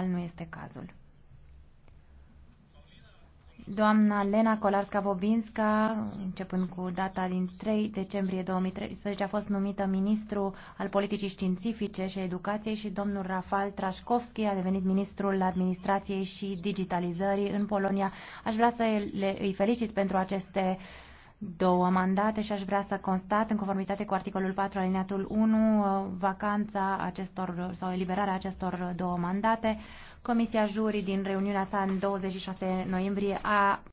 nu este cazul. Doamna Lena Kolarska-Bobinska, începând cu data din 3 decembrie 2013, a fost numită ministru al politicii științifice și educației și domnul Rafal Trașkovski a devenit ministrul administrației și digitalizării în Polonia. Aș vrea să le, îi felicit pentru aceste uh, două mandate și aș vrea să constat, în conformitate cu articolul 4 alineatul 1, vacanța acestor sau eliberarea acestor două mandate. Comisia Juri din reuniunea sa în 26 noiembrie a